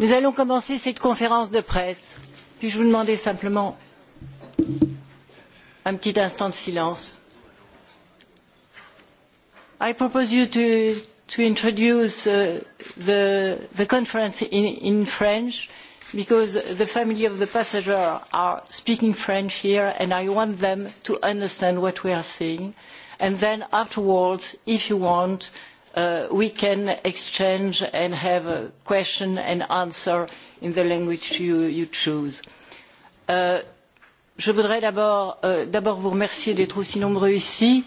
nous allons commencer cette conférence de presse. puis je vous demander simplement un petit instant de silence. i propose you to, to introduce the, the conference in, in french because the family of the passenger are speaking french here and i want them to understand what we are saying and then afterwards if you want we can exchange and have a question and answer in the language you choose. Je voudrais d'abord vous remercier d'être aussi nombreux ici,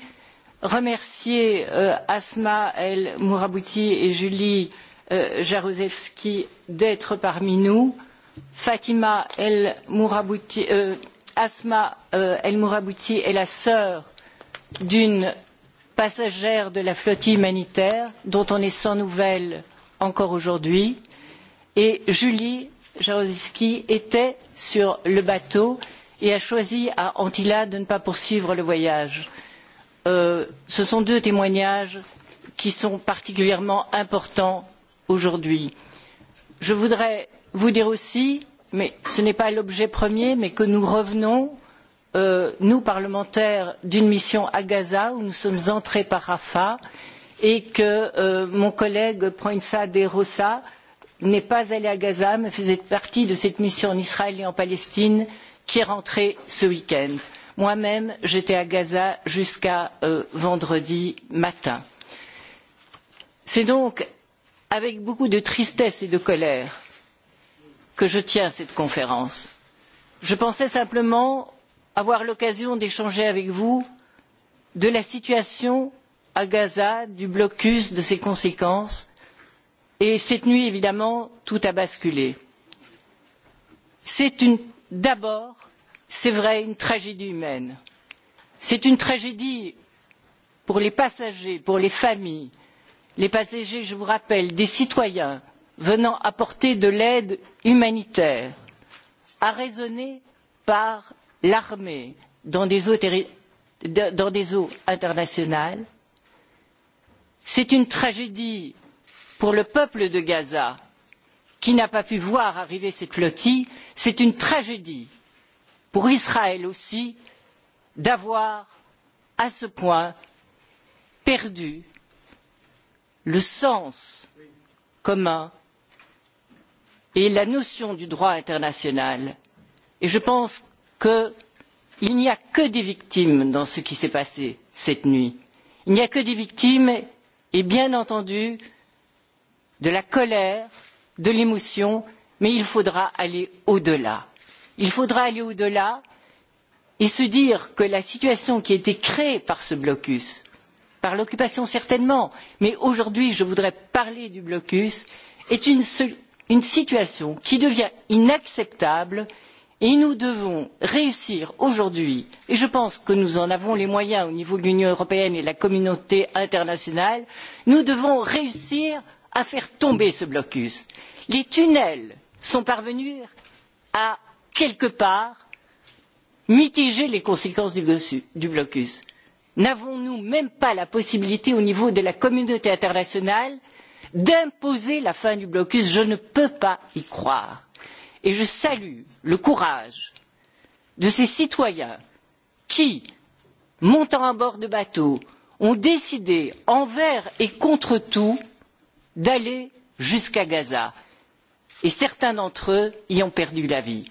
remercier Asma El Mourabouti et Julie Jaruzewski d'être parmi nous, Fatima El Mourabouti Asma El Mourabouti est la sœur d'une passagère de la flottille humanitaire dont on est sans nouvelles encore aujourd'hui et julie jaruzelski était sur le bateau et a choisi à antilla de ne pas poursuivre le voyage. ce sont deux témoignages qui sont particulièrement importants aujourd'hui. je voudrais vous dire aussi mais ce n'est pas l'objet premier mais que nous revenons nous parlementaires d'une mission à gaza où nous sommes entrés par rafah et que mon collègue proinsa de n'est pas allé à gaza mais faisait partie de cette mission en israël et en palestine qui est rentrée ce week end. moi même j'étais à gaza jusqu'à vendredi matin. c'est donc avec beaucoup de tristesse et de colère que je tiens cette conférence. je pensais simplement avoir l'occasion d'échanger avec vous de la situation à Gaza, du blocus, de ses conséquences. Et cette nuit, évidemment, tout a basculé. C'est d'abord, c'est vrai, une tragédie humaine. C'est une tragédie pour les passagers, pour les familles. Les passagers, je vous rappelle, des citoyens venant apporter de l'aide humanitaire, à raisonner par l'armée dans des eaux internationales, c'est une tragédie pour le peuple de Gaza qui n'a pas pu voir arriver cette flottille, c'est une tragédie pour Israël aussi d'avoir, à ce point, perdu le sens commun et la notion du droit international. Et je pense qu'il n'y a que des victimes dans ce qui s'est passé cette nuit. Il n'y a que des victimes et bien entendu de la colère, de l'émotion, mais il faudra aller au-delà. Il faudra aller au-delà et se dire que la situation qui a été créée par ce blocus, par l'occupation certainement, mais aujourd'hui je voudrais parler du blocus, est une situation qui devient inacceptable et nous devons réussir aujourd'hui et je pense que nous en avons les moyens au niveau de l'union européenne et de la communauté internationale nous devons réussir à faire tomber ce blocus. les tunnels sont parvenus à quelque part mitiger les conséquences du blocus. n'avons nous même pas la possibilité au niveau de la communauté internationale d'imposer la fin du blocus? je ne peux pas y croire et je salue le courage de ces citoyens qui montant à bord de bateaux ont décidé envers et contre tout d'aller jusqu'à gaza et certains d'entre eux y ont perdu la vie.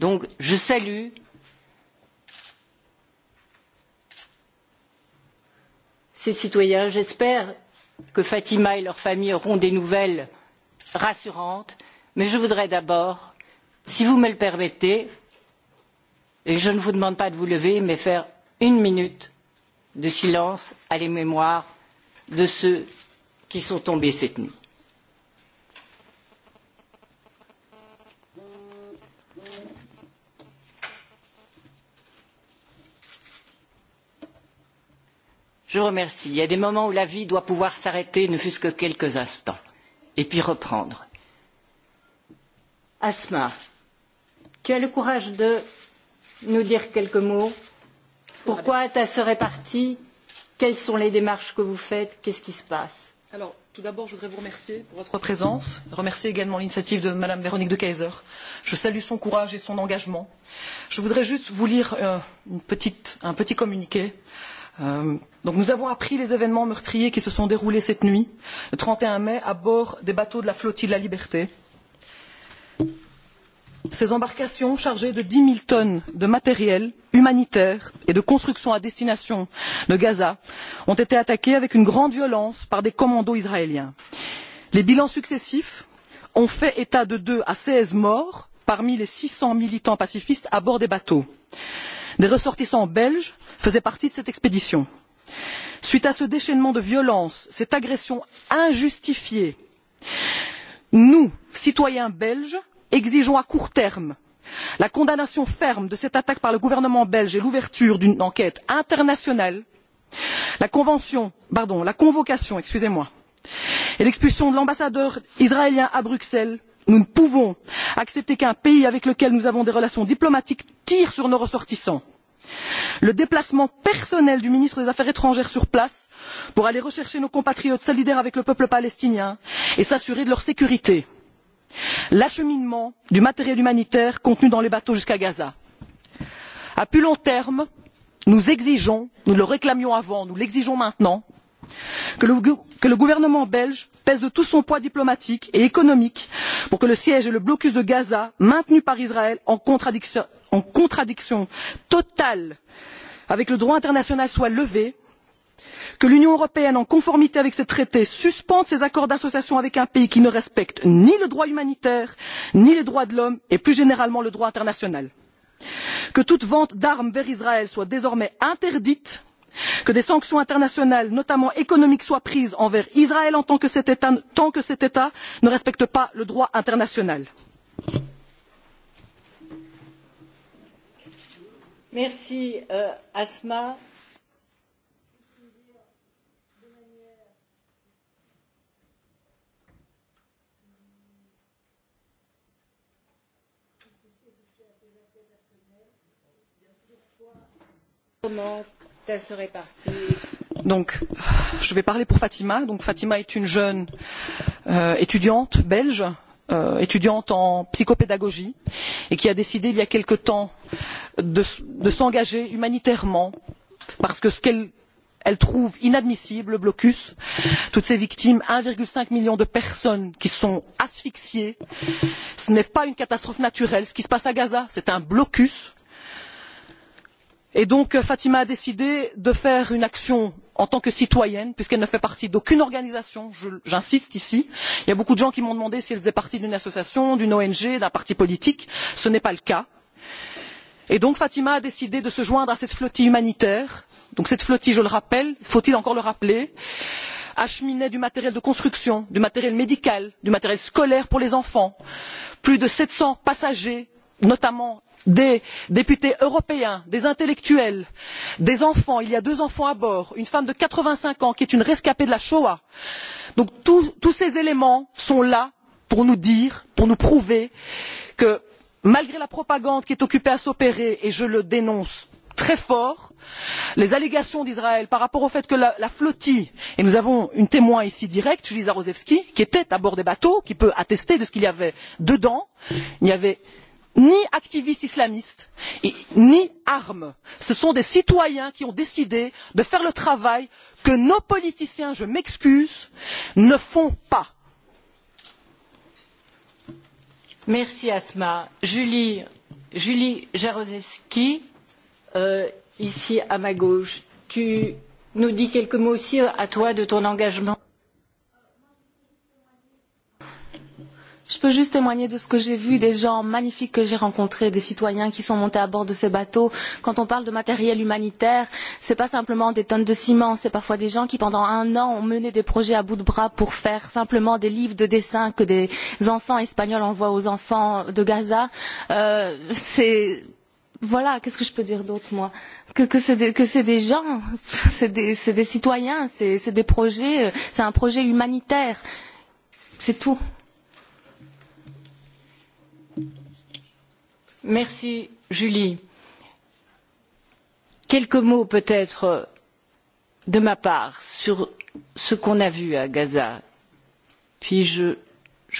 donc je salue ces citoyens j'espère que fatima et leur famille auront des nouvelles rassurantes mais je voudrais d'abord si vous me le permettez et je ne vous demande pas de vous lever mais faire une minute de silence à la mémoire de ceux qui sont tombés cette nuit. Je vous remercie. Il y a des moments où la vie doit pouvoir s'arrêter, ne fût-ce que quelques instants, et puis reprendre. Asma, tu as le courage de nous dire quelques mots Pourquoi ta sœur est partie Quelles sont les démarches que vous faites Qu'est-ce qui se passe Alors, tout d'abord, je voudrais vous remercier pour votre présence. Remercier également l'initiative de Mme Véronique de Kaiser. Je salue son courage et son engagement. Je voudrais juste vous lire un petit communiqué. Nous avons appris les événements meurtriers qui se sont déroulés cette nuit, le 31 mai, à bord des bateaux de la flottille de la Liberté ces embarcations chargées de dix zéro tonnes de matériel humanitaire et de construction à destination de gaza ont été attaquées avec une grande violence par des commandos israéliens. les bilans successifs ont fait état de deux à seize morts parmi les six cents militants pacifistes à bord des bateaux. des ressortissants belges faisaient partie de cette expédition. suite à ce déchaînement de violence cette agression injustifiée nous citoyens belges exigeons à court terme la condamnation ferme de cette attaque par le gouvernement belge et l'ouverture d'une enquête internationale la convocation et l'expulsion de l'ambassadeur israélien à bruxelles. nous ne pouvons accepter qu'un pays avec lequel nous avons des relations diplomatiques tire sur nos ressortissants. le déplacement personnel du ministre des affaires étrangères sur place pour aller rechercher nos compatriotes solidaires avec le peuple palestinien et s'assurer de leur sécurité l'acheminement du matériel humanitaire contenu dans les bateaux jusqu'à gaza. à plus long terme nous exigeons nous le réclamions avant nous l'exigeons maintenant que le gouvernement belge pèse de tout son poids diplomatique et économique pour que le siège et le blocus de gaza maintenus par israël en contradiction totale avec le droit international soient levés que l'union européenne en conformité avec ses traités suspende ses accords d'association avec un pays qui ne respecte ni le droit humanitaire ni les droits de l'homme et plus généralement le droit international que toute vente d'armes vers israël soit désormais interdite que des sanctions internationales notamment économiques soient prises envers israël tant que cet état ne respecte pas le droit international. merci asma. comment elle serait partie? donc je vais parler pour fatima donc fatima est une jeune étudiante belge étudiante en psychopédagogie et qui a décidé il y a quelque temps de s'engager humanitairement parce que ce qu'elle elle trouve inadmissible le blocus toutes ces victimes 1,5 million de personnes qui sont asphyxiées ce n'est pas une catastrophe naturelle ce qui se passe à gaza c'est un blocus et donc fatima a décidé de faire une action en tant que citoyenne puisqu'elle ne fait partie d'aucune organisation j'insiste ici il y a beaucoup de gens qui m'ont demandé si elle faisait partie d'une association d'une ong d'un parti politique ce n'est pas le cas et donc fatima a décidé de se joindre à cette flottille humanitaire donc cette flottille je le rappelle faut il encore le rappeler acheminait du matériel de construction du matériel médical du matériel scolaire pour les enfants plus de sept cents passagers notamment des députés européens des intellectuels des enfants il y a deux enfants à bord une femme de quatre vingt cinq ans qui est une rescapée de la shoah. donc tous ces éléments sont là pour nous dire pour nous prouver que malgré la propagande qui est occupée à s'opérer et je le dénonce très fort les allégations d'israël par rapport au fait que la flottille et nous avons une témoin ici directe julie rozewski qui était à bord des bateaux qui peut attester de ce qu'il y avait dedans il n'y avait ni activistes islamistes ni armes ce sont des citoyens qui ont décidé de faire le travail que nos politiciens je m'excuse ne font pas. merci asma. julie jaruzelski ici à ma gauche tu nous dis quelques mots aussi à toi de ton engagement? Je peux juste témoigner de ce que j'ai vu, des gens magnifiques que j'ai rencontrés, des citoyens qui sont montés à bord de ces bateaux. Quand on parle de matériel humanitaire, ce n'est pas simplement des tonnes de ciment, c'est parfois des gens qui, pendant un an, ont mené des projets à bout de bras pour faire simplement des livres de dessin que des enfants espagnols envoient aux enfants de Gaza. C'est voilà qu'est ce que je peux dire d'autre moi que c'est des gens c'est des citoyens c'est des projets c'est un projet humanitaire c'est tout. Merci, Julie. Quelques mots peut-être de ma part sur ce qu'on a vu à Gaza. Puis je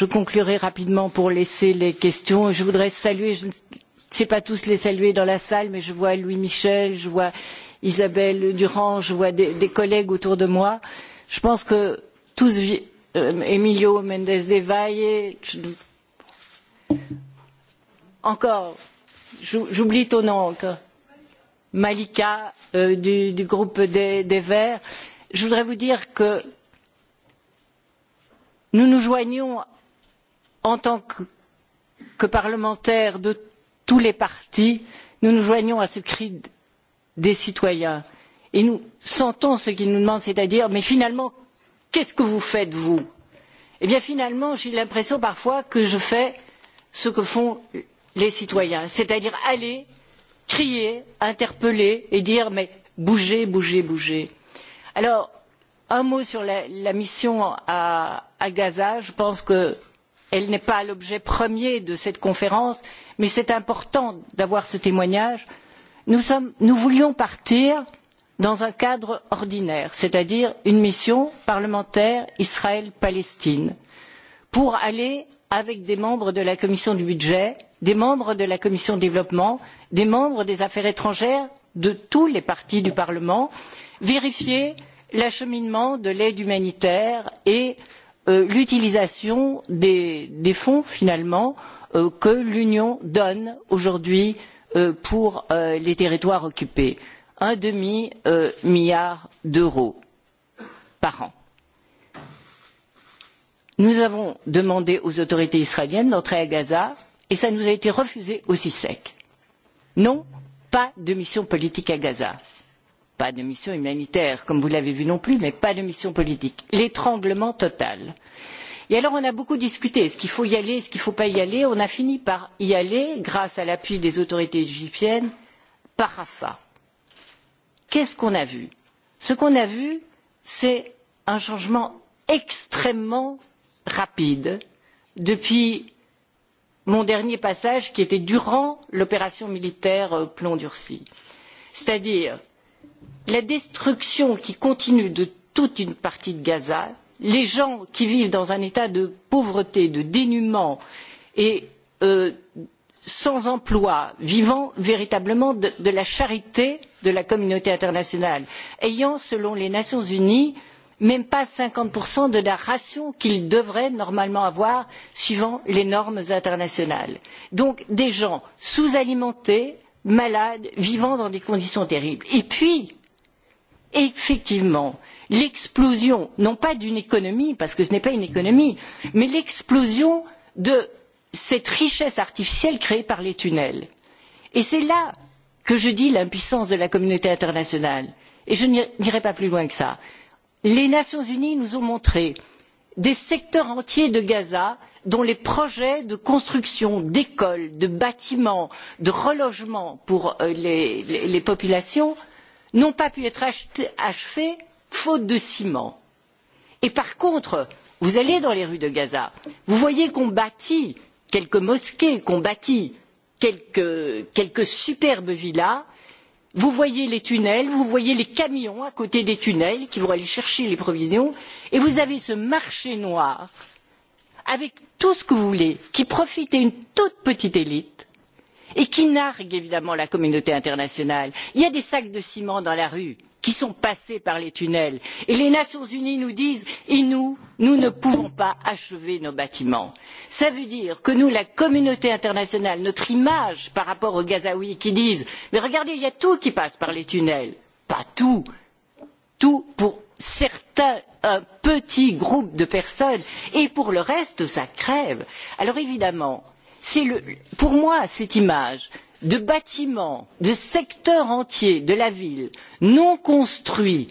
conclurai rapidement pour laisser les questions. Je voudrais saluer, je ne sais pas tous les saluer dans la salle, mais je vois Louis Michel, je vois Isabelle Durand, je vois des collègues autour de moi. Je pense que tous, Emilio Méndez de Valle, encore j'oublie ton nom encore malika du groupe des verts je voudrais vous dire que nous nous joignons en tant que parlementaires de tous les partis nous nous joignons à ce cri des citoyens et nous sentons ce qu'ils nous demandent c'est à dire mais finalement qu'est ce que vous faites vous? eh bien finalement j'ai l'impression parfois que je fais ce que font les citoyens c'est à dire aller crier interpeller et dire mais bougez bougez bougez. alors un mot sur la mission à gaza je pense qu'elle n'est pas l'objet premier de cette conférence mais c'est important d'avoir ce témoignage nous voulions partir dans un cadre ordinaire c'est à dire une mission parlementaire israël palestine pour aller avec des membres de la commission du budget des membres de la commission du développement des membres des affaires étrangères de tous les partis du parlement vérifier l'acheminement de l'aide humanitaire et l'utilisation des fonds finalement que l'union donne aujourd'hui pour les territoires occupés un demi milliard d'euros par an. nous avons demandé aux autorités israéliennes d'entrer à gaza et cela nous a été refusé aussi sec. non pas de mission politique à gaza pas de mission humanitaire comme vous l'avez vu non plus mais pas de mission politique l'étranglement total. et alors on a beaucoup discuté est ce qu'il faut y aller est ce qu'il ne faut pas y aller? on a fini par y aller grâce à l'appui des autorités égyptiennes par rafah. qu'est ce qu'on a vu? ce qu'on a vu c'est un changement extrêmement rapide depuis mon dernier passage qui était durant l'opération militaire plomb durci c'est à dire la destruction qui continue de toute une partie de gaza les gens qui vivent dans un état de pauvreté de dénuement et sans emploi vivant véritablement de la charité de la communauté internationale ayant selon les nations unies même pas cinquante de la ration qu'ils devraient normalement avoir suivant les normes internationales. donc des gens sous alimentés malades vivant dans des conditions terribles. et puis effectivement l'explosion non pas d'une économie parce que ce n'est pas une économie mais l'explosion de cette richesse artificielle créée par les tunnels. et c'est là que je dis l'impuissance de la communauté internationale et je n'irai pas plus loin que cela les nations unies nous ont montré des secteurs entiers de gaza dont les projets de construction d'écoles de bâtiments de relogement pour les populations n'ont pas pu être achevés faute de ciment. et par contre vous allez dans les rues de gaza vous voyez qu'on bâtit quelques mosquées qu'on bâtit quelques superbes villas vous voyez les tunnels vous voyez les camions à côté des tunnels qui vont aller chercher les provisions et vous avez ce marché noir avec tout ce que vous voulez qui profite à une toute petite élite et qui nargue évidemment la communauté internationale. il y a des sacs de ciment dans la rue qui sont passés par les tunnels et les nations unies nous disent et nous nous ne pouvons pas achever nos bâtiments. cela veut dire que nous la communauté internationale notre image par rapport aux gazaouis qui disent mais regardez il y a tout qui passe par les tunnels pas tout tout pour certains un petit groupe de personnes et pour le reste ça crève. alors évidemment pour moi cette image de bâtiments de secteurs entiers de la ville non construits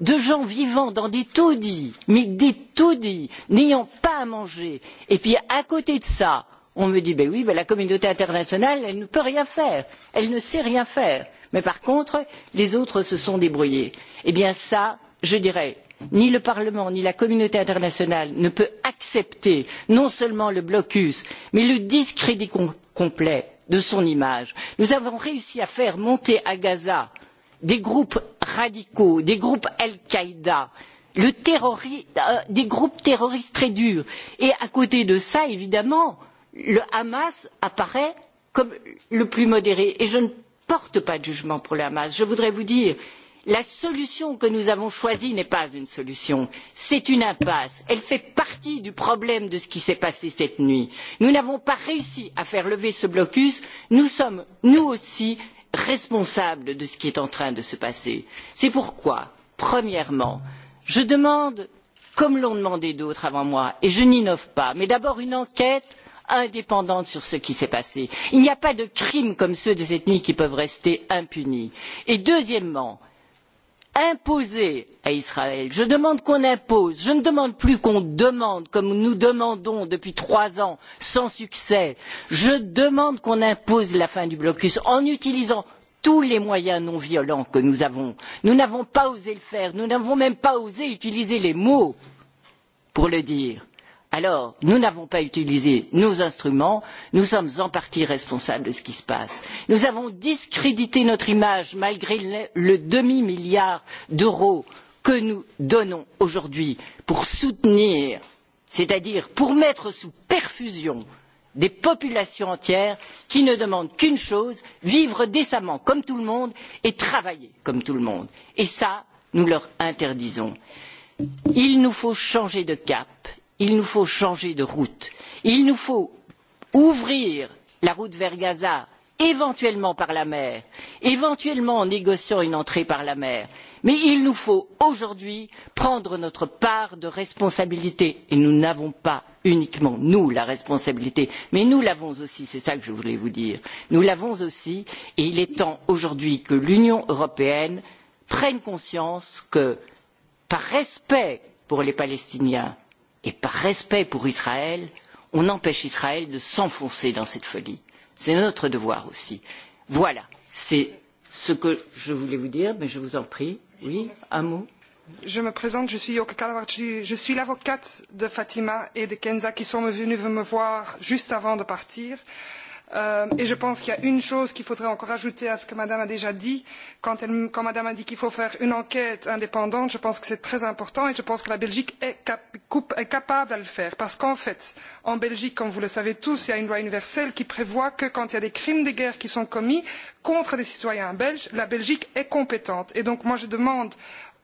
de gens vivant dans des taudis mais des taudis n'ayant pas à manger et puis à côté de ça on me dit ben oui la communauté internationale elle ne peut rien faire elle ne sait rien faire mais par contre les autres se sont débrouillés. eh bien ça je dirais ni le parlement ni la communauté internationale ne peuvent accepter non seulement le blocus mais le discrédit complet de son image. Nous avons réussi à faire monter à Gaza des groupes radicaux, des groupes Al Qaïda, des groupes terroristes très durs, et à côté de cela, évidemment, le Hamas apparaît comme le plus modéré, et je ne porte pas de jugement pour le Hamas. Je voudrais vous dire la solution que nous avons choisie n'est pas une solution c'est une impasse elle fait partie du problème de ce qui s'est passé cette nuit. nous n'avons pas réussi à faire lever ce blocus nous sommes nous aussi responsables de ce qui est en train de se passer. c'est pourquoi premièrement je demande comme l'ont demandé d'autres avant moi et je n'innove pas mais d'abord une enquête indépendante sur ce qui s'est passé. il n'y a pas de crimes comme ceux de cette nuit qui peuvent rester impunis. et deuxièmement imposer à Israël. Je demande qu'on impose, je ne demande plus qu'on demande, comme nous demandons depuis trois ans, sans succès. Je demande qu'on impose la fin du blocus en utilisant tous les moyens non violents que nous avons. Nous n'avons pas osé le faire, nous n'avons même pas osé utiliser les mots pour le dire alors nous n'avons pas utilisé nos instruments nous sommes en partie responsables de ce qui se passe. nous avons discrédité notre image malgré le demi milliard d'euros que nous donnons aujourd'hui pour soutenir c'est à dire pour mettre sous perfusion des populations entières qui ne demandent qu'une chose vivre décemment comme tout le monde et travailler comme tout le monde. et ça nous leur interdisons. il nous faut changer de cap il nous faut changer de route il nous faut ouvrir la route vers gaza éventuellement par la mer éventuellement en négociant une entrée par la mer mais il nous faut aujourd'hui prendre notre part de responsabilité et nous n'avons pas uniquement nous la responsabilité mais nous l'avons aussi c'est cela que je voulais vous dire nous l'avons aussi et il est temps aujourd'hui que l'union européenne prenne conscience que par respect pour les palestiniens et par respect pour Israël, on empêche Israël de s'enfoncer dans cette folie. C'est notre devoir aussi. Voilà, c'est ce que je voulais vous dire, mais je vous en prie. Oui, un mot. Je me présente, je suis Yoko je suis l'avocate de Fatima et de Kenza qui sont venus me voir juste avant de partir et je pense qu'il y a une chose qu'il faudrait encore ajouter à ce que madame a déjà dit quand madame a dit qu'il faut faire une enquête indépendante je pense que c'est très important et je pense que la belgique est capable de le faire parce qu'en fait en belgique comme vous le savez tous il y a une loi universelle qui prévoit que quand il y a des crimes de guerre qui sont commis contre des citoyens belges la belgique est compétente et donc moi je demande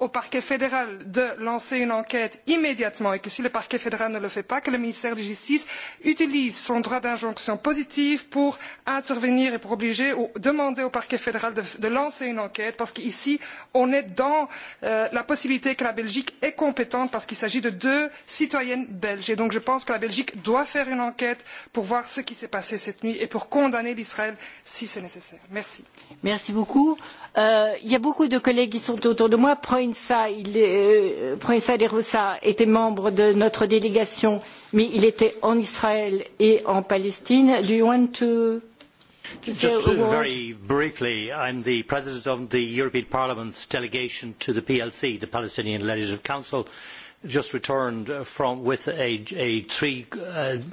au parquet fédéral de lancer une enquête immédiatement et que si le parquet fédéral ne le fait pas que le ministère de la justice utilise son droit d'injonction positive pour intervenir et pour obliger ou demander au parquet fédéral de lancer une enquête parce qu'ici on est dans la possibilité que la belgique est compétente parce qu'il s'agit de deux citoyennes belges donc je pense que la belgique doit faire une enquête pour voir ce qui s'est passé cette nuit et pour condamner l'israël si c'est nécessaire. merci. beaucoup. il y a beaucoup de collègues qui sont autour de moi. Proensa de Rosa était membre de notre délégation, mais il était en Israël et en Palestine. Do you want to Just very briefly, I the President of the European Parliament's delegation to the PLC, the Palestinian Legislative Council just returned from with a three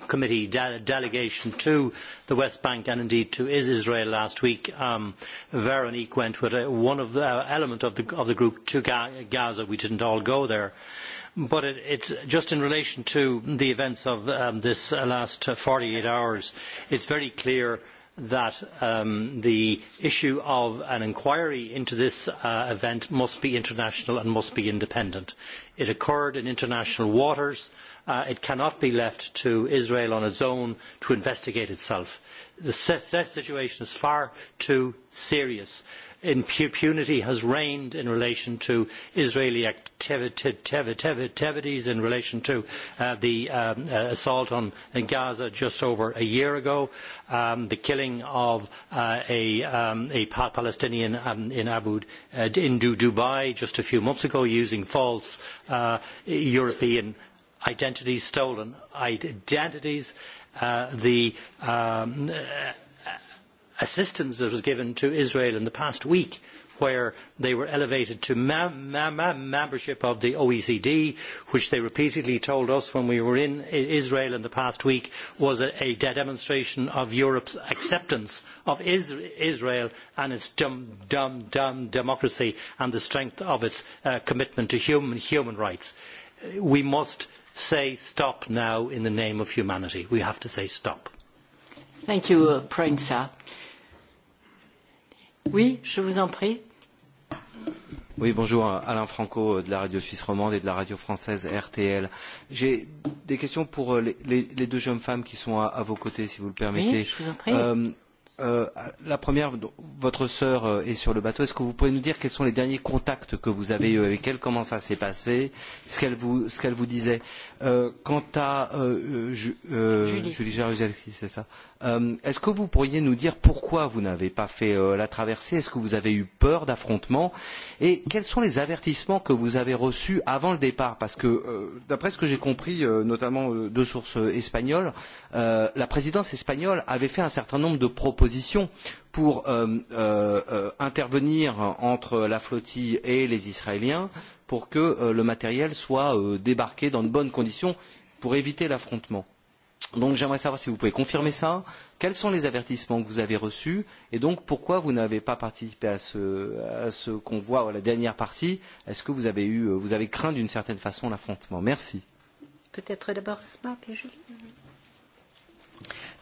committee delegation to the west bank and indeed to israel last week veronique went with one of the element of the group to gaza we did not all go there but it's just in relation to the events of this last 48 hours it's very clear that the issue of an inquiry into this event must be international and must be independent. It occurred in international waters. It cannot be left to Israel on its own to investigate itself. The situation is far too serious impunity has reigned in relation to Israeli activities in relation to the assault on Gaza just over a year ago, the killing of a Palestinian in Dubai just a few months ago using false European identities, stolen identities, the assistance that was given to Israel in the past week, where they were elevated to membership of the OECD, which they repeatedly told us when we were in Israel in the past week was a demonstration of Europe's acceptance of Israel and its democracy and the strength of its commitment to human rights. We must say stop now in the name of humanity. We have to say stop. Thank you, Oui, je vous en prie. Oui, bonjour. Alain Franco de la radio suisse romande et de la radio française RTL. J'ai des questions pour les deux jeunes femmes qui sont à vos côtés, si vous le permettez. Oui, La première, votre sœur est sur le bateau. Est-ce que vous pouvez nous dire quels sont les derniers contacts que vous avez eus avec elle, comment ça s'est passé, ce qu'elle vous disait Quant à Julie Jaruzelski, c'est ça. Est-ce que vous pourriez nous dire pourquoi vous n'avez pas fait la traversée Est-ce que vous avez eu peur d'affrontement Et quels sont les avertissements que vous avez reçus avant le départ Parce que, d'après ce que j'ai compris, notamment de sources espagnoles, la présidence espagnole avait fait un certain nombre de propositions position pour intervenir entre la flottille et les Israéliens pour que le matériel soit débarqué dans de bonnes conditions pour éviter l'affrontement. Donc j'aimerais savoir si vous pouvez confirmer ça, quels sont les avertissements que vous avez reçus et donc pourquoi vous n'avez pas participé à ce convoi, à la dernière partie. Est-ce que vous avez craint d'une certaine façon l'affrontement Merci. Peut-être d'abord Julie.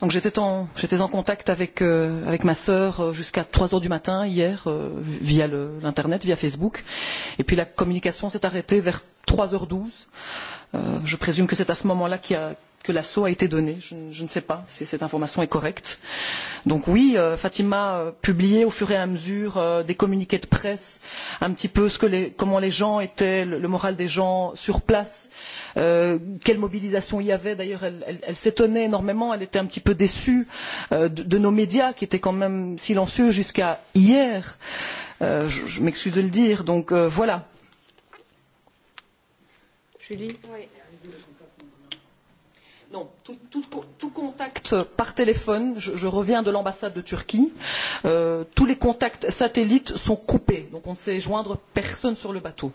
Donc j'étais en j'étais en contact avec ma sœur jusqu'à 3 heures du matin hier via l'internet, via Facebook. Et puis la communication s'est arrêtée vers 3h12. Je présume que c'est à ce moment-là qu'il y a que l'assaut a été donné. Je ne sais pas si cette information est correcte. Donc oui, Fatima publiait au fur et à mesure des communiqués de presse, un petit peu comment les gens étaient, le moral des gens sur place, quelle mobilisation il y avait. D'ailleurs, elle s'étonnait énormément, elle était un petit peu déçue de nos médias qui étaient quand même silencieux jusqu'à hier. Je m'excuse de le dire. Donc voilà. Julie tout contact par téléphone, je reviens de l'ambassade de Turquie, tous les contacts satellites sont coupés, donc on ne sait joindre personne sur le bateau.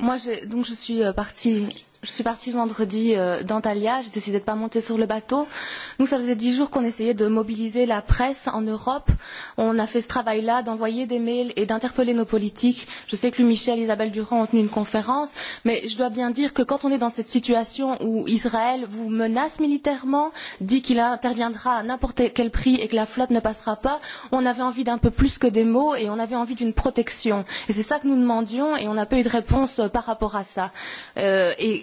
Moi, je suis partie je suis partie vendredi d'antalya j'ai décidé de ne pas monter sur le bateau. nous ça faisait dix jours qu'on essayait de mobiliser la presse en europe. on a fait ce travail là d'envoyer des mails et d'interpeller nos politiques. je sais que michel et isabelle Durand ont tenu une conférence mais je dois bien dire que quand on est dans cette situation où israël vous menace militairement dit qu'il interviendra à n'importe quel prix et que la flotte ne passera pas on avait envie d'un peu plus que des mots et on avait envie d'une protection. et c'est ça que nous demandions et on n'a pas eu de réponse par rapport à ça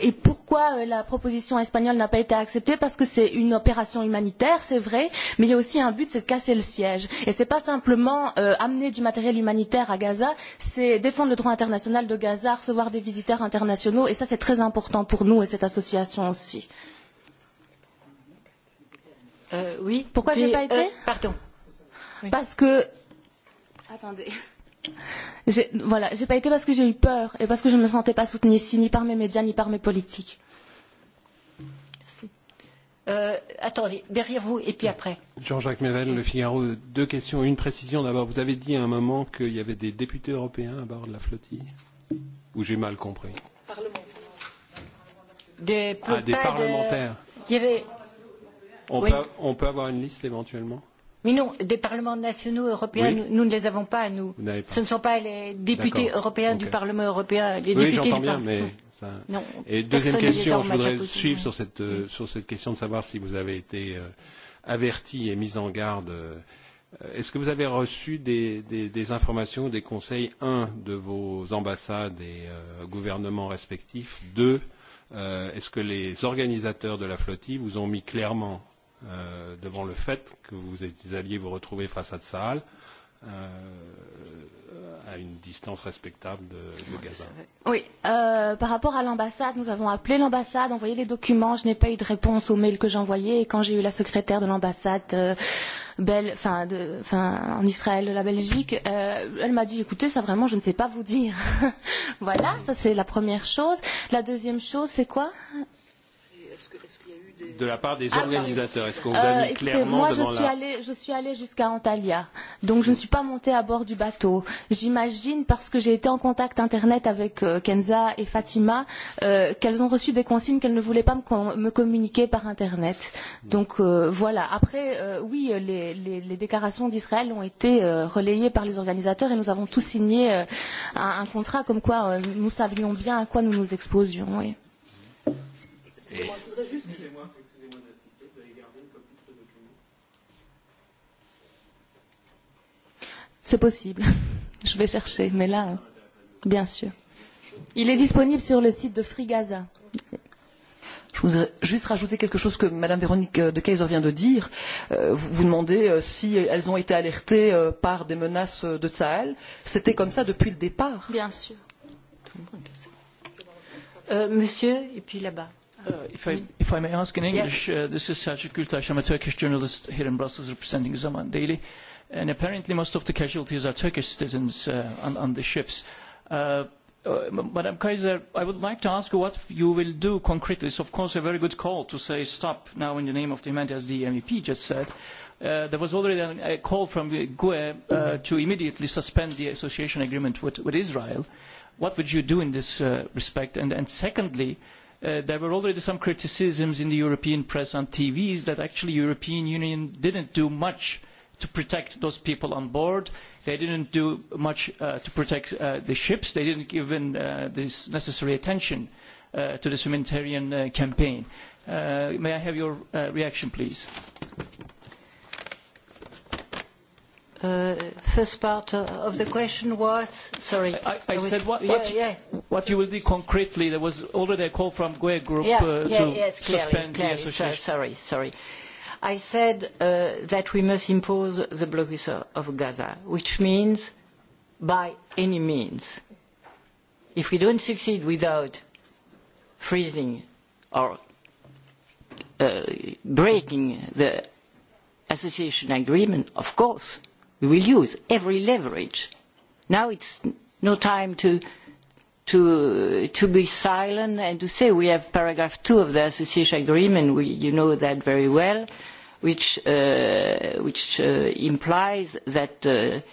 et pourquoi la proposition espagnole n'a pas été acceptée parce que c'est une opération humanitaire c'est vrai mais il y a aussi un but c'est de casser le siège et ce n'est pas simplement amener du matériel humanitaire à gaza c'est défendre le droit international de gaza recevoir des visiteurs internationaux et ça c'est très important pour nous et cette association aussi. oui pourquoi je n'ai pas été? pardon. parce que attendez Voilà, je n'ai pas été parce que j'ai eu peur et parce que je ne me sentais pas soutenue ici, ni par mes médias, ni par mes politiques. Attendez, derrière vous, et puis après. Jean-Jacques Mével, Le Figaro. Deux questions. Une précision d'abord. Vous avez dit à un moment qu'il y avait des députés européens à bord de la flottille. Ou j'ai mal compris Des parlementaires. On peut avoir une liste éventuellement Mais non, des parlements nationaux européens, nous ne les avons pas, nous. Ce ne sont pas les députés européens du Parlement européen, les députés du Parlement. Et deuxième question, je voudrais suivre sur cette question de savoir si vous avez été averti et mis en garde. Est-ce que vous avez reçu des informations des conseils, un, de vos ambassades et gouvernements respectifs, deux, est-ce que les organisateurs de la flottille vous ont mis clairement devant le fait que vous alliez vous retrouver face à Tsahal à une distance respectable de Gaza. Oui, par rapport à l'ambassade, nous avons appelé l'ambassade, envoyé les documents, je n'ai pas eu de réponse aux mails que j'envoyais et quand j'ai eu la secrétaire de l'ambassade en Israël de la Belgique, elle m'a dit écoutez, ça vraiment je ne sais pas vous dire. Voilà, ça c'est la première chose. La deuxième chose, c'est quoi de la part des organisateurs Est-ce qu'on vous a mis clairement moi, je suis allée, Je suis allée jusqu'à Antalya, donc je ne suis pas montée à bord du bateau. J'imagine, parce que j'ai été en contact Internet avec Kenza et Fatima, qu'elles ont reçu des consignes qu'elles ne voulaient pas me communiquer par Internet. Donc voilà. Après, oui, les déclarations d'Israël ont été relayées par les organisateurs et nous avons tous signé un contrat comme quoi nous savions bien à quoi nous nous exposions. Oui. C'est possible. Je vais chercher, mais là, bien sûr. Il est disponible sur le site de Free Gaza. Je voudrais juste rajouter quelque chose que Mme Véronique de Kaiser vient de dire. Vous demandez si elles ont été alertées par des menaces de Tsahel. C'était comme ça depuis le départ. Bien sûr. Monsieur, et puis là-bas. If I may ask in English, this is Selçuk Gültaş. I'm a Turkish journalist here in Brussels representing Zaman Daily. And apparently most of the casualties are Turkish citizens on the ships. Madam Kaiser, I would like to ask you what you will do concretely. It's, of course, a very good call to say stop now in the name of the humanity, as the MEP just said. There was already a call from GUE to immediately suspend the association agreement with Israel. What would you do in this respect? And secondly, There were already some criticisms in the European press and TVs that actually the European Union didn't do much to protect those people on board. They didn't do much to protect the ships. They didn't give this necessary attention to the humanitarian campaign. May I have your reaction, please? The first part of the question was? Sorry. I said what you will do concretely. There was already a call from GUE Group to suspend the association. Sorry, sorry. I said that we must impose the blockade of Gaza, which means by any means. If we don't succeed without freezing or breaking the association agreement, of course, We will use every leverage. Now it's no time to be silent and to say we have paragraph 2 of the association agreement, you know that very well, which implies that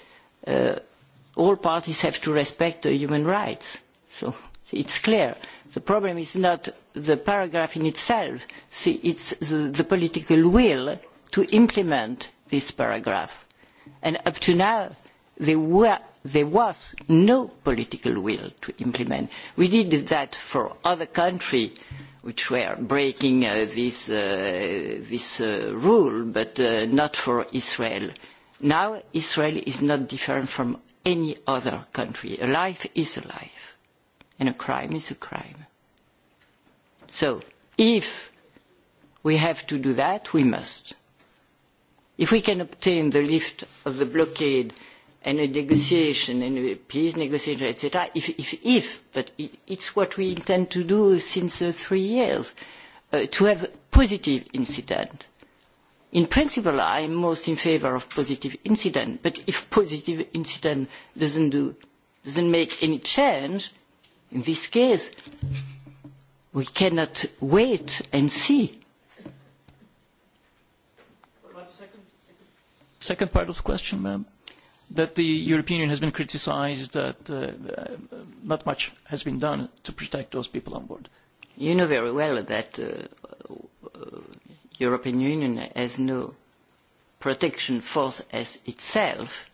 all parties have to respect human rights. So it's clear. The problem is not the paragraph in itself, it's the political will to implement this paragraph and up to now there was no political will to implement. we did that for other countries which were breaking this rule but not for israel. now israel is not different from any other country. a life is a life and a crime is a crime. so if we have to do that we must. If we can obtain the lift of the blockade and a negotiation and a peace negotiation, etc., if, but it's what we intend to do since three years, to have positive incident. In principle, I am most in favour of positive incident, but if positive incident doesn't do, doesn't make any change, in this case, we cannot wait and see Second part of the question, ma'am, that the European Union has been criticised that not much has been done to protect those people on board. You know very well that the European Union has no protection force as itself,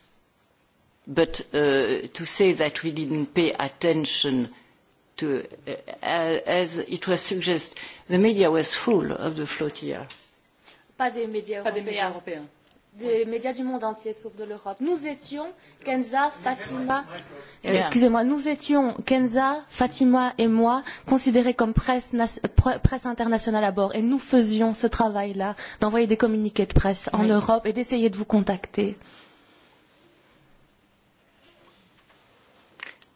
but to say that we didn't pay attention to, as it was suggested, the media was full of the flotilla des médias du monde entier, sauf de l'Europe. Nous étions Kenza, Fatima, excusez-moi, nous étions Kenza, Fatima et moi considérés comme presse, presse internationale à bord. Et nous faisions ce travail-là d'envoyer des communiqués de presse en Europe et d'essayer de vous contacter.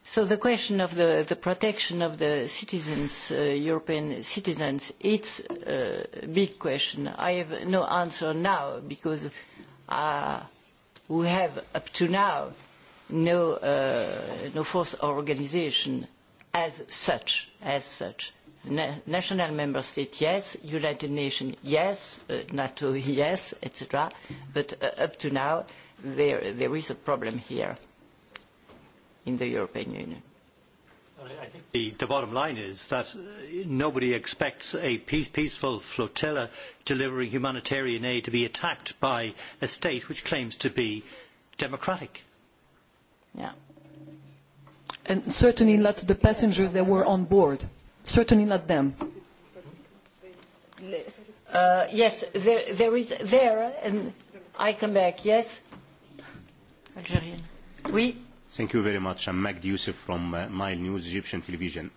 So the question of the, the protection of the citizens, European citizens, it's a big question. I have no answer now because we have up to now no force or organisation as such, as such. National member states, yes. United Nations, yes. NATO, yes, etc. But up to now, there is a problem here in the European Union. I the bottom line is that nobody expects a peaceful flotilla delivering humanitarian aid to be attacked by a state which claims to be democratic. And certainly not the passengers that were on board. Certainly not them. Yes, there is there, and I come back. Yes. Algerian. Oui. Thank you very much. I'm Magdi Youssef from Nile News, Egyptian television.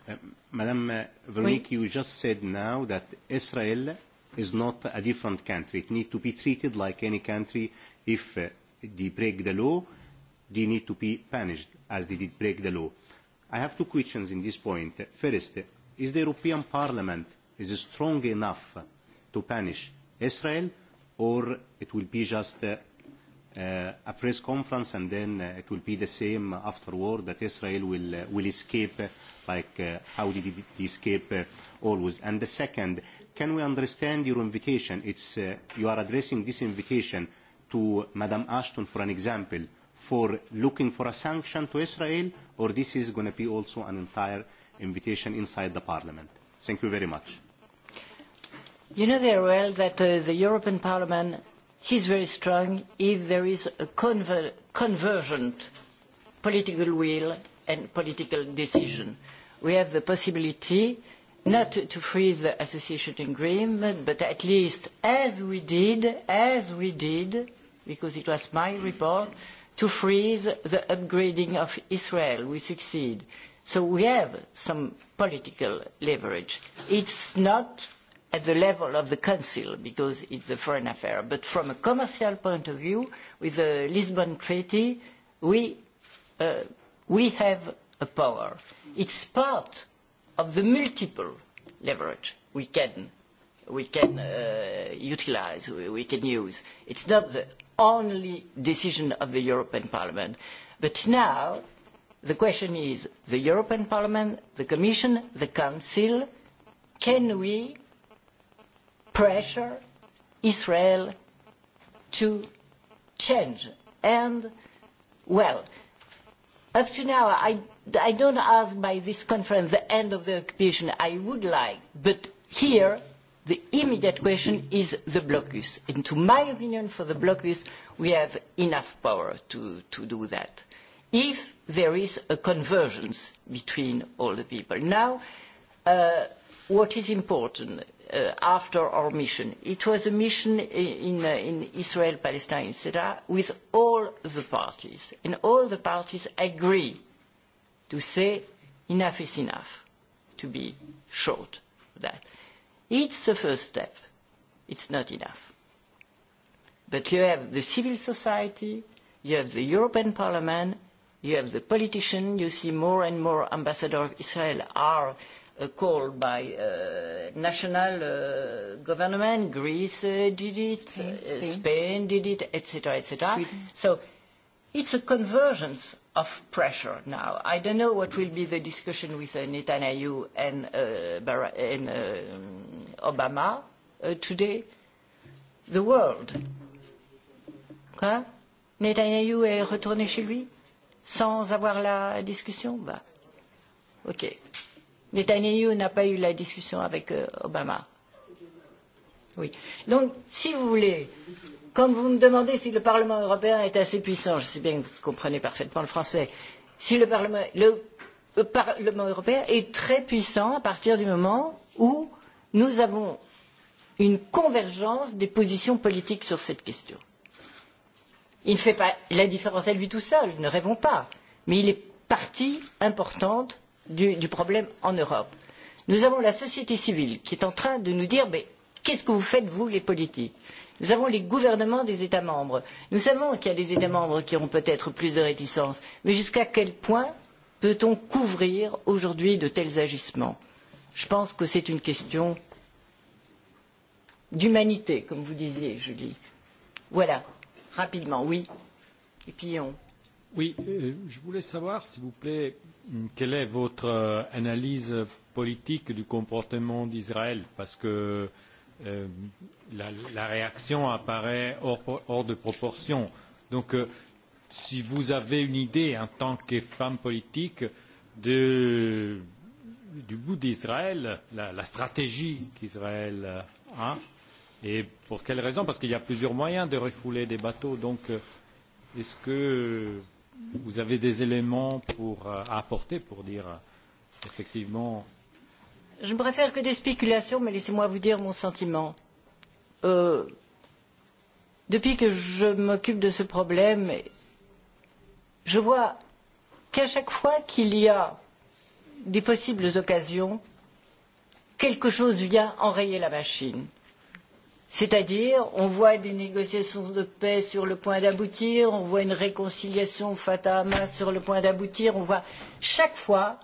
Madam Veronique, you just said now that Israel is not a different country. It needs to be treated like any country. If they break the law, they need to be punished as they did break the law. I have two questions in this point. First, is the European Parliament is strong enough to punish Israel, or it will be just a press conference and then it will be the same afterward that Israel will escape like how did it escape always. And the second, can we understand your invitation? you are addressing this invitation to Madam Ashton for an example for looking for a sanction to Israel or this is going to be also an entire invitation inside the parliament. Thank you very much. You know very well that the European Parliament he is very strong if there is a convergent political will and political decision. We have the possibility not to freeze the association agreement, but at least as we did, as we did, because it was my report, to freeze the upgrading of Israel. We succeed. So we have some political leverage. It's not at the level of the Council, because it's a foreign affair. But from a commercial point of view, with the Lisbon Treaty, we have a power. It's part of the multiple leverage we can utilise, we can use. It's not the only decision of the European Parliament. But now, the question is, the European Parliament, the Commission, the Council, can we pressure Israel to change. And, well, up to now, I don't ask by this conference the end of the occupation. I would like, but here, the immediate question is the blocus. And to my opinion, for the blocus, we have enough power to do that. If there is a convergence between all the people. Now, what is important? after our mission. It was a mission in Israel, Palestine, etc., with all the parties. And all the parties agree to say enough is enough, to be short of that. It's the first step. It's not enough. But you have the civil society, you have the European Parliament, you have the politicians. You see more and more ambassadors of Israel are called by national government, Greece did it, Spain did it, etc., etc. So it's a convergence of pressure now. I don't know what will be the discussion with Netanyahu and Obama today. The world. Quoi Netanyahu est retourné chez lui sans avoir la discussion Bah, Ok. Netanyahu n'a pas eu la discussion avec Obama. Oui. Donc, si vous voulez, comme vous me demandez si le Parlement européen est assez puissant, je sais bien que vous comprenez parfaitement le français, si le Parlement, le, le Parlement européen est très puissant à partir du moment où nous avons une convergence des positions politiques sur cette question. Il ne fait pas la différence à lui tout seul, ne rêvons pas, mais il est partie importante du problème en Europe. Nous avons la société civile qui est en train de nous dire qu'est-ce que vous faites, vous, les politiques Nous avons les gouvernements des États membres. Nous savons qu'il y a des États membres qui auront peut-être plus de réticence, Mais jusqu'à quel point peut-on couvrir aujourd'hui de tels agissements Je pense que c'est une question d'humanité, comme vous disiez, Julie. Voilà, rapidement, oui. Et puis on. Oui, je voulais savoir, s'il vous plaît Quelle est votre analyse politique du comportement d'Israël Parce que la réaction apparaît hors de proportion. Donc, si vous avez une idée en tant que femme politique du bout d'Israël, la stratégie qu'Israël a, et pour quelle raison Parce qu'il y a plusieurs moyens de refouler des bateaux. Donc, est-ce que vous avez des éléments pour, à apporter pour dire effectivement. Je ne préfère que des spéculations, mais laissez-moi vous dire mon sentiment. depuis que je m'occupe de ce problème, je vois qu'à chaque fois qu'il y a des possibles occasions, quelque chose vient enrayer la machine C'est-à-dire, on voit des négociations de paix sur le point d'aboutir, on voit une réconciliation Fatah Hamas sur le point d'aboutir, on voit chaque fois,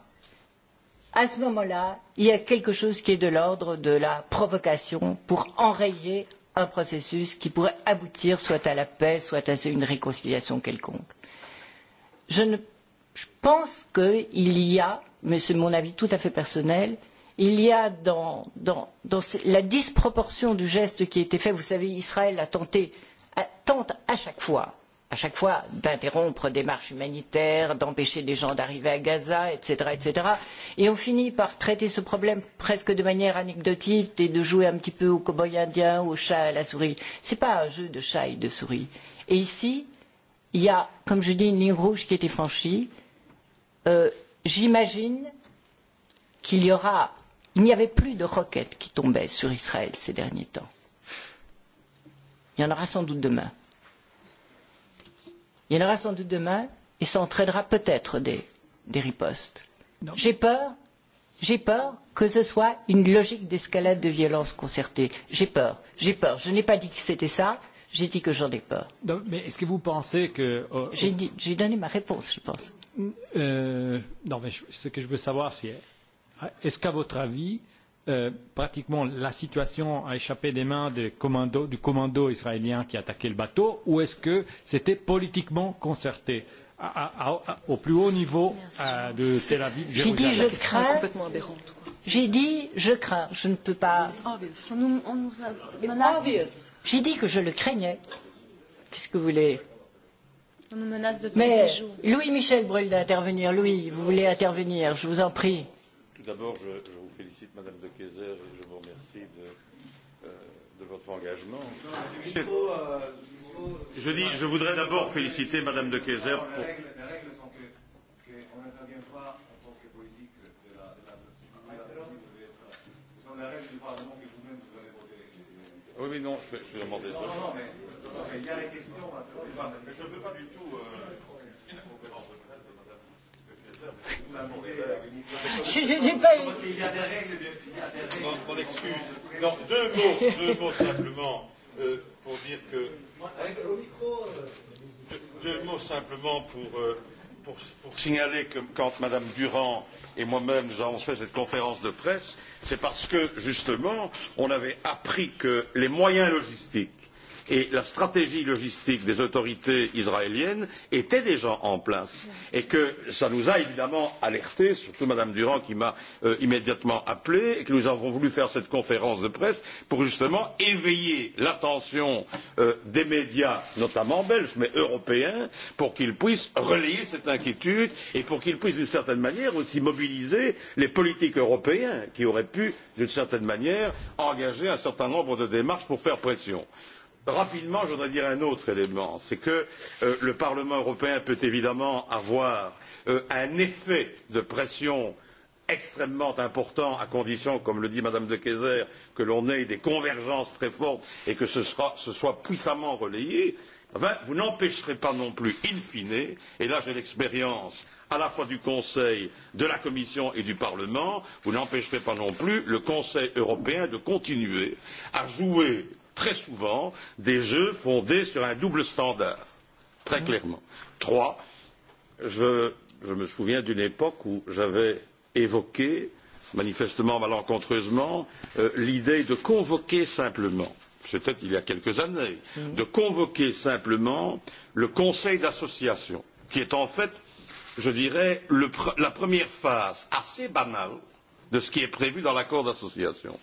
à ce moment-là, il y a quelque chose qui est de l'ordre de la provocation pour enrayer un processus qui pourrait aboutir soit à la paix, soit à une réconciliation quelconque. Je pense qu'il y a, mais c'est mon avis tout à fait personnel, il y a dans la disproportion du geste qui a été fait vous savez israël a tenté tente à chaque fois à chaque fois d'interrompre des marches humanitaires d'empêcher des gens d'arriver à gaza etc. etc. et on finit par traiter ce problème presque de manière anecdotique et de jouer un petit peu au cow boy indien au chat à la souris. ce n'est pas un jeu de chat et de souris. et ici il y a comme je dis une ligne rouge qui a été franchie. j'imagine qu'il y aura Il n'y avait plus de roquettes qui tombaient sur Israël ces derniers temps. Il y en aura sans doute demain. Il y en aura sans doute demain et ça entraînera peut-être des ripostes. J'ai peur, j'ai peur que ce soit une logique d'escalade de violence concertée. J'ai peur, j'ai peur. Je n'ai pas dit que c'était ça, j'ai dit que j'en ai peur. Mais est-ce que vous pensez que... J'ai donné ma réponse, je pense. ce que je veux savoir, Est-ce qu'à votre avis, pratiquement la situation a échappé des mains du commando israélien qui a attaqué le bateau ou est-ce que c'était politiquement concerté au plus haut niveau de Tel Aviv Jérusalem J'ai dit je crains, je ne peux pas. J'ai dit que je le craignais. Qu'est-ce que vous voulez On nous menace de Mais Louis Michel brûle d'intervenir. Louis, vous voulez intervenir, je vous en prie. Tout d'abord, je, vous félicite, Madame de Kayser, et je vous remercie de, de votre engagement. Je dis, je voudrais d'abord féliciter Madame de Kayser pour. Oui, mais non, je, je demandé. Non, non, mais il y a la question. Je ne veux pas du tout. J'ai pas eu. on excuse. Non, deux mots, deux mots simplement pour dire que. Deux, mots simplement pour, pour, pour signaler que quand Mme Durand et moi-même nous avons fait cette conférence de presse, c'est parce que justement on avait appris que les moyens logistiques et la stratégie logistique des autorités israéliennes était déjà en place et que cela nous a évidemment alertés surtout mme Durand qui m'a immédiatement appelé et que nous avons voulu faire cette conférence de presse pour justement éveiller l'attention des médias notamment belges mais européens pour qu'ils puissent relayer cette inquiétude et pour qu'ils puissent d'une certaine manière aussi mobiliser les politiques européens qui auraient pu d'une certaine manière engager un certain nombre de démarches pour faire pression. Rapidement, je voudrais dire un autre élément, c'est que le Parlement européen peut évidemment avoir un effet de pression extrêmement important, à condition, comme le dit Mme de Keyser, que l'on ait des convergences très fortes et que ce soit puissamment relayé, vous n'empêcherez pas non plus, in fine, et là j'ai l'expérience à la fois du Conseil, de la Commission et du Parlement, vous n'empêcherez pas non plus le Conseil européen de continuer à jouer très souvent des jeux fondés sur un double standard, très clairement. Trois, je me souviens d'une époque où j'avais évoqué, manifestement malencontreusement, l'idée de convoquer simplement c'était il y a quelques années de convoquer simplement le Conseil d'association, qui est en fait, je dirais, la première phase assez banale de ce qui est prévu dans l'accord d'association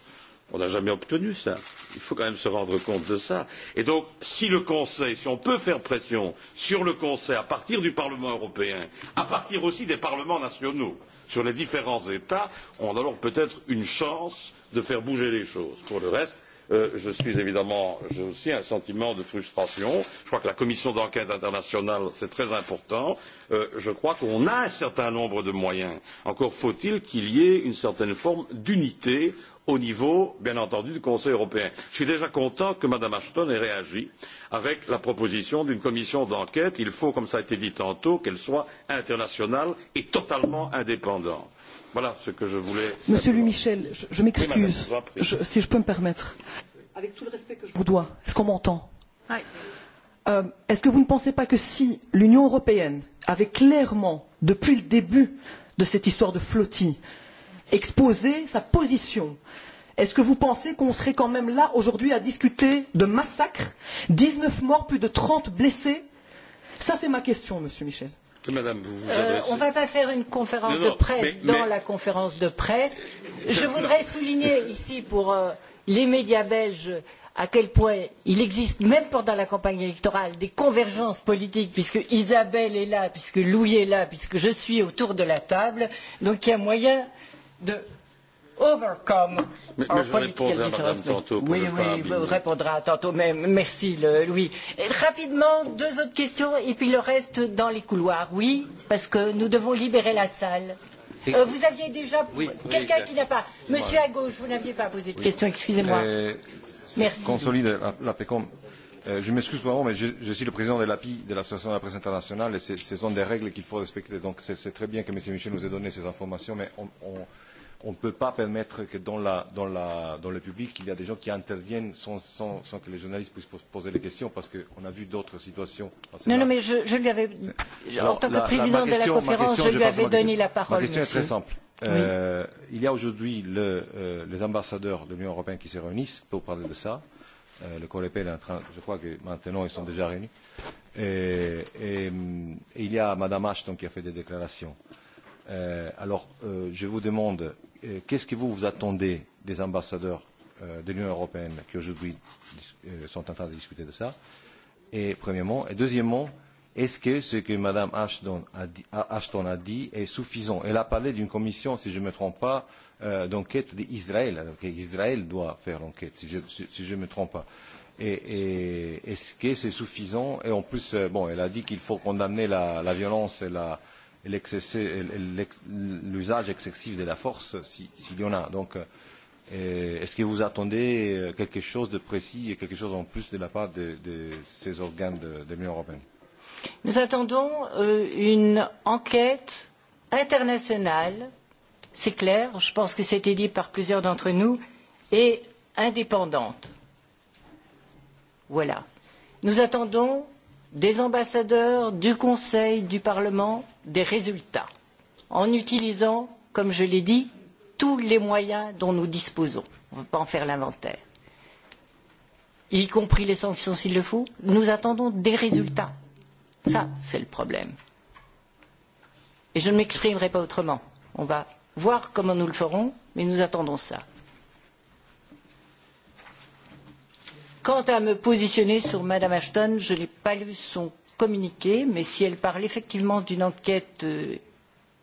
on n'a jamais obtenu cela. il faut quand même se rendre compte de cela. et donc si le conseil si on peut faire pression sur le conseil à partir du parlement européen à partir aussi des parlements nationaux sur les différents états on a alors peut être une chance de faire bouger les choses. pour le reste je suis évidemment j'ai aussi un sentiment de frustration. je crois que la commission d'enquête internationale c'est très important. je crois qu'on a un certain nombre de moyens. encore faut il qu'il y ait une certaine forme d'unité au niveau bien entendu du conseil européen. je suis déjà content que mme ashton ait réagi avec la proposition d'une commission d'enquête. il faut comme cela a été dit tantôt qu'elle soit internationale et totalement indépendante. voilà ce que je voulais. monsieur louis michel je m'excuse si je peux me permettre avec tout le respect que je vous dois est ce qu'on m'entend? est ce que vous ne pensez pas que si l'union européenne avait clairement depuis le début de cette histoire de flottille exposer sa position. Est-ce que vous pensez qu'on serait quand même là aujourd'hui à discuter de massacres, 19 morts, plus de 30 blessés Ça, c'est ma question, Monsieur Michel. On ne va pas faire une conférence de presse dans la conférence de presse. Je voudrais souligner ici pour les médias belges à quel point il existe, même pendant la campagne électorale, des convergences politiques, puisque Isabelle est là, puisque Louis est là, puisque je suis autour de la table. Donc il y a moyen de overcome our political differences. Oui, oui, vous répondra tantôt, mais merci Louis. Rapidement, deux autres questions et puis le reste dans les couloirs. Oui, parce que nous devons libérer la salle. Vous aviez déjà quelqu'un qui n'a pas. Monsieur à gauche, vous n'aviez pas posé de question, excusez-moi. Merci. Consolide la PECOM. Je m'excuse vraiment, mais je suis le président de l'API, de l'Association de la presse internationale, et ce sont des règles qu'il faut respecter. Donc c'est très bien que M. Michel nous ait donné ces informations, mais on on ne peut pas permettre que dans le public, il y a des gens qui interviennent sans que les journalistes puissent poser des questions, parce qu'on a vu d'autres situations. Non, non, mais je lui avais, en tant que président de la conférence, je lui avais donné la parole. La question est très simple. Il y a aujourd'hui les ambassadeurs de l'Union européenne qui se réunissent pour parler de ça. Le Corépel est en train, je crois que maintenant ils sont déjà réunis. Et il y a Madame Ashton qui a fait des déclarations. Alors, je vous demande qu'est-ce que vous vous attendez des ambassadeurs de l'Union européenne qui aujourd'hui sont en train de discuter de ça Et premièrement. Et deuxièmement, est-ce que ce que Mme Ashton a dit est suffisant Elle a parlé d'une commission, si je ne me trompe pas, d'enquête d'Israël. Alors Israël doit faire l'enquête, si je ne me trompe pas. Et est-ce que c'est suffisant Et en plus, bon, elle a dit qu'il faut condamner la violence et la l'usage excessif de la force, s'il y en a. Donc, est-ce que vous attendez quelque chose de précis et quelque chose en plus de la part de ces organes de l'Union européenne Nous attendons une enquête internationale, c'est clair, je pense que c'était dit par plusieurs d'entre nous, et indépendante. Voilà. Nous attendons des ambassadeurs du Conseil, du Parlement, des résultats en utilisant, comme je l'ai dit, tous les moyens dont nous disposons. On ne peut pas en faire l'inventaire, y compris les sanctions s'il le faut. Nous attendons des résultats. Ça, c'est le problème. Et je ne m'exprimerai pas autrement. On va voir comment nous le ferons, mais nous attendons ça. Quant à me positionner sur Mme Ashton, je n'ai pas lu son communiqué, mais si elle parle effectivement d'une enquête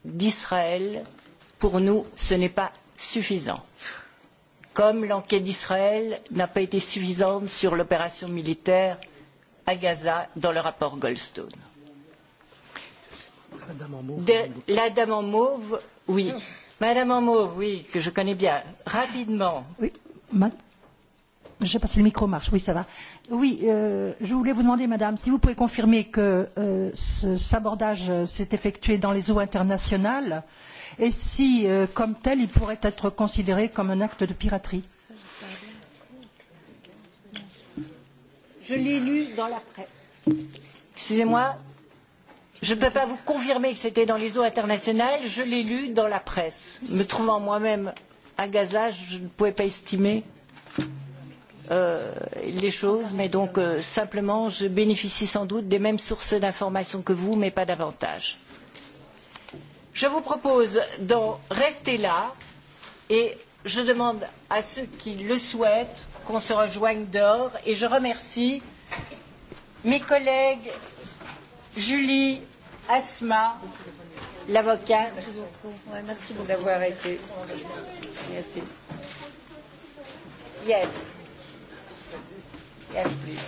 d'Israël, pour nous, ce n'est pas suffisant. Comme l'enquête d'Israël n'a pas été suffisante sur l'opération militaire à Gaza dans le rapport Goldstone. La dame en mauve, oui. Madame en mauve, oui, que je connais bien. Rapidement. Je sais pas si le micro marche. Oui, ça va. Oui, je voulais vous demander, madame, si vous pouvez confirmer que cet abordage s'est effectué dans les eaux internationales et si, comme tel, il pourrait être considéré comme un acte de piraterie. Je l'ai lu dans la presse. Excusez-moi, je ne peux pas vous confirmer que c'était dans les eaux internationales. Je l'ai lu dans la presse. Me trouvant moi-même à Gaza, je ne pouvais pas estimer les choses mais donc simplement je bénéficie sans doute des mêmes sources d'informations que vous mais pas davantage. je vous propose d'en rester là et je demande à ceux qui le souhaitent qu'on se rejoigne dehors et je remercie mes collègues julie asma l'avocat merci d'avoir été. yes Yes, please.